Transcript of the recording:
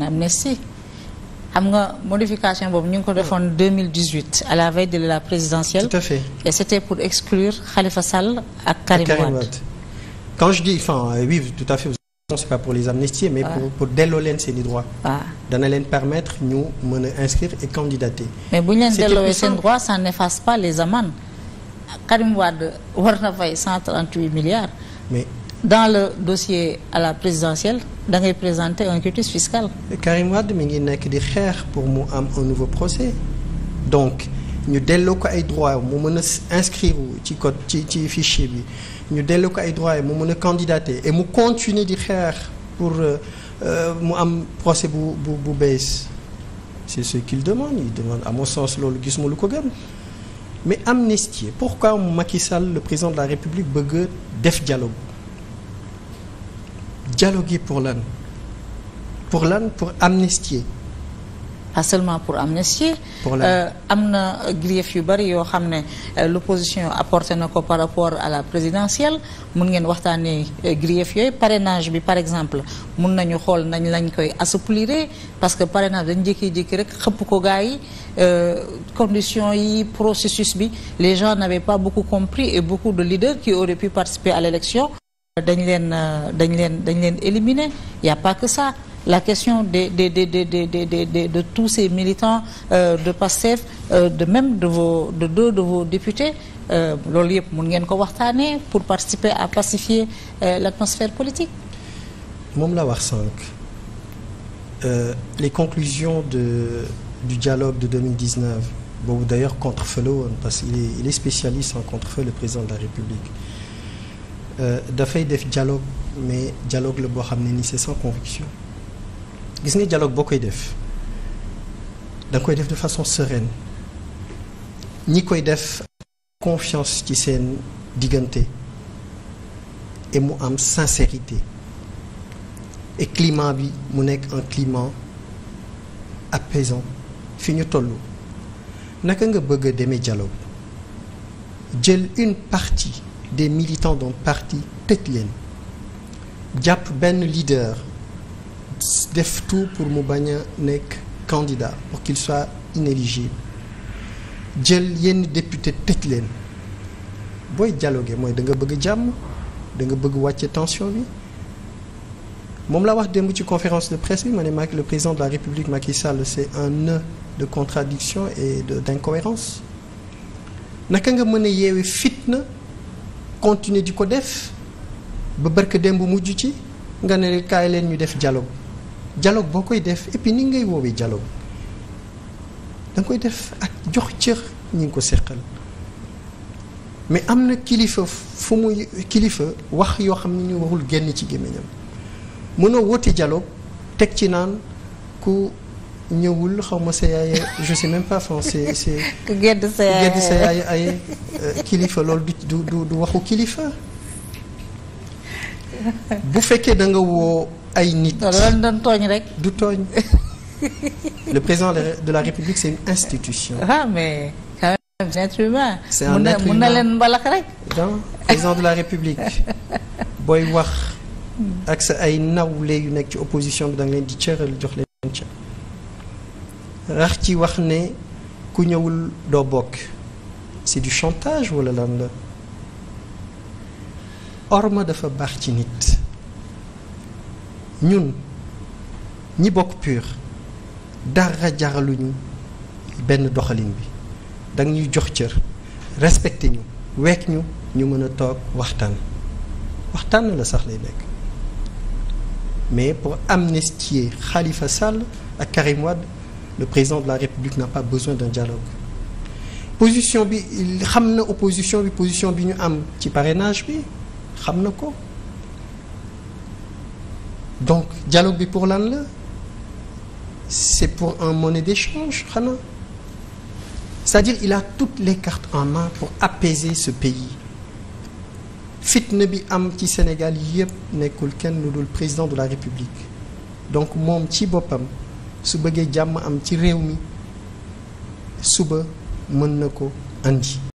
na amnistie xam nga modification boobu ñu ngi ko defoon 2018 à la veille de la présidentielle. tout à fait et c' était pour exclure Khalifa Sall ak Karim quand je dis euh, oui tout à fait. c'est pas pour les amnistier mais pour pour delloo leen seen i droit dana leen permettre ñu mën a inscrire et candidater mais bu ñu leen delloowee seen droit ça n'efface pas les amendes Karim Wade war na fay 138 milliards mais dans le dossier à la présidentielle da ngay présenter un quitus fiscal. Karim Wade mi ngi nekk di xeex pour mu am un nouveau procès donc ñu delloo ko ay droits mu mën a inscrire ci code ci ci fichier bi ñu delloo ko ay droits mu mën a candidater et mu continuer di xeex pour euh, euh, mu am procès bu bu bu bees c'est ce qu'il demande il demande à mon sens loolu gis ma lu ko gën mais amnistie pourquoi Macky Sall le président de la République bëgg def dialogue. dialoguer pour lan pour lan pour amnistier. pas seulement pour amnistier. pour lan euh, am na grief yu bari yoo xam ne euh, l' opposition apporté na ko par rapport à la présidentielle mun ngeen waxtaanee euh, grief yooyu parrainage bi par exemple mun nañu xool nañ lañ koy assouplir parce que parrainage dañ jékki-jékki rek xëpp ko gars yi conditions yi processus bi les gens n'avaient pas beaucoup compris et beaucoup de leaders qui auraient pu participer à l' élection dañ leen euh, dañ leen dañ leen éliminer il y pas que ça la question des des des des des de de tous ces militants euh, de PASTEF euh, de même de vos de deux de vos députés euh, loolu yëpp mun ngeen ko waxtaanee pour participer à pacifier euh, l'atmosphère politique. moom la wax sànq euh, les conclusions de du dialogue de 2019 boobu d'ailleurs contre feu la woon parce qu'il est il est spécialiste en contre feu le président de la République. Euh, dafay def dialogue mais jaloog la boo xam ne ni c'est sans conviction gis nga jaloog boo koy def da koy def de façon sereine ñi koy def confiance ci seen diggante et mu am sincérité et climat bi mu nekk un climat apaisant fi ñu tollu naka nga bëgg a demee dialogue jël une partie de militants d'un parti tëj leen jàpp benn leader def tout pour mu bañ a nekk candidat pour qu'il soit inéligible jël yenn député tëj leen booy dialoguer mooy danga nga bëgg jàmm danga bëgg wàcce tension bi moom la wax démb ci conférence de presse bi ma ne maak le président de la République Macky Sall c'est un nœud de contradiction et d'incohérence naka nga mën a yeewe fitna continuer di ko def ba barke démb mujj ci nga ne kaay leen ñu def dialogue dialogue boo koy def et ni ngay woowee dialogue da koy def ak jox cër ñu ngi ko seqal mais am na kilifa fu muy kilifa wax yoo xam ne ñu warul génn ci gémmiñam mënoo woote dialogue teg ci naan ku ñëwul xaw ma sa yaay je sais même pas français c'est ku gedd sa yaay euh, kilifa loolu du du waxu kilifa bu fekkee da woo ay nit. loolu doon tooñ rek. du tooñ le président de la république c'est une institution. Ah, mais quand même mun na leen mbalax rek. président de la république booy wax hmm. ak sa ay nawle yu nekk ci opposition bi da leen di cëral jox leen. rax ci wax ne ku ñëwul doo bokk c'est du chantage wala lan la orma dafa baax ci nit ñun ñi bokk pur dara jaraluñu benn doxalin bi danga ñuy jox cër respecté ñu wekk ñu ñu mën a toog waxtaan waxtaan la sax lay nekk mais pour amnistier Khalifa Sall ak Karim le président de la République n'a pas besoin d'un dialogue position bi xam na opposition bi position bi ñu am ci parrainage bi xam na ko donc dialogue bi pour lan la c'est pour un monnaie d'échange xanaa c'est-à-dire il a toutes les cartes en main pour apaiser ce pays na bi am ci Sénégal yëpp nekkul kenn lu dul président de la République donc moom ci boppam su bëggee jàmm am ci réew mi suba mën na ko andi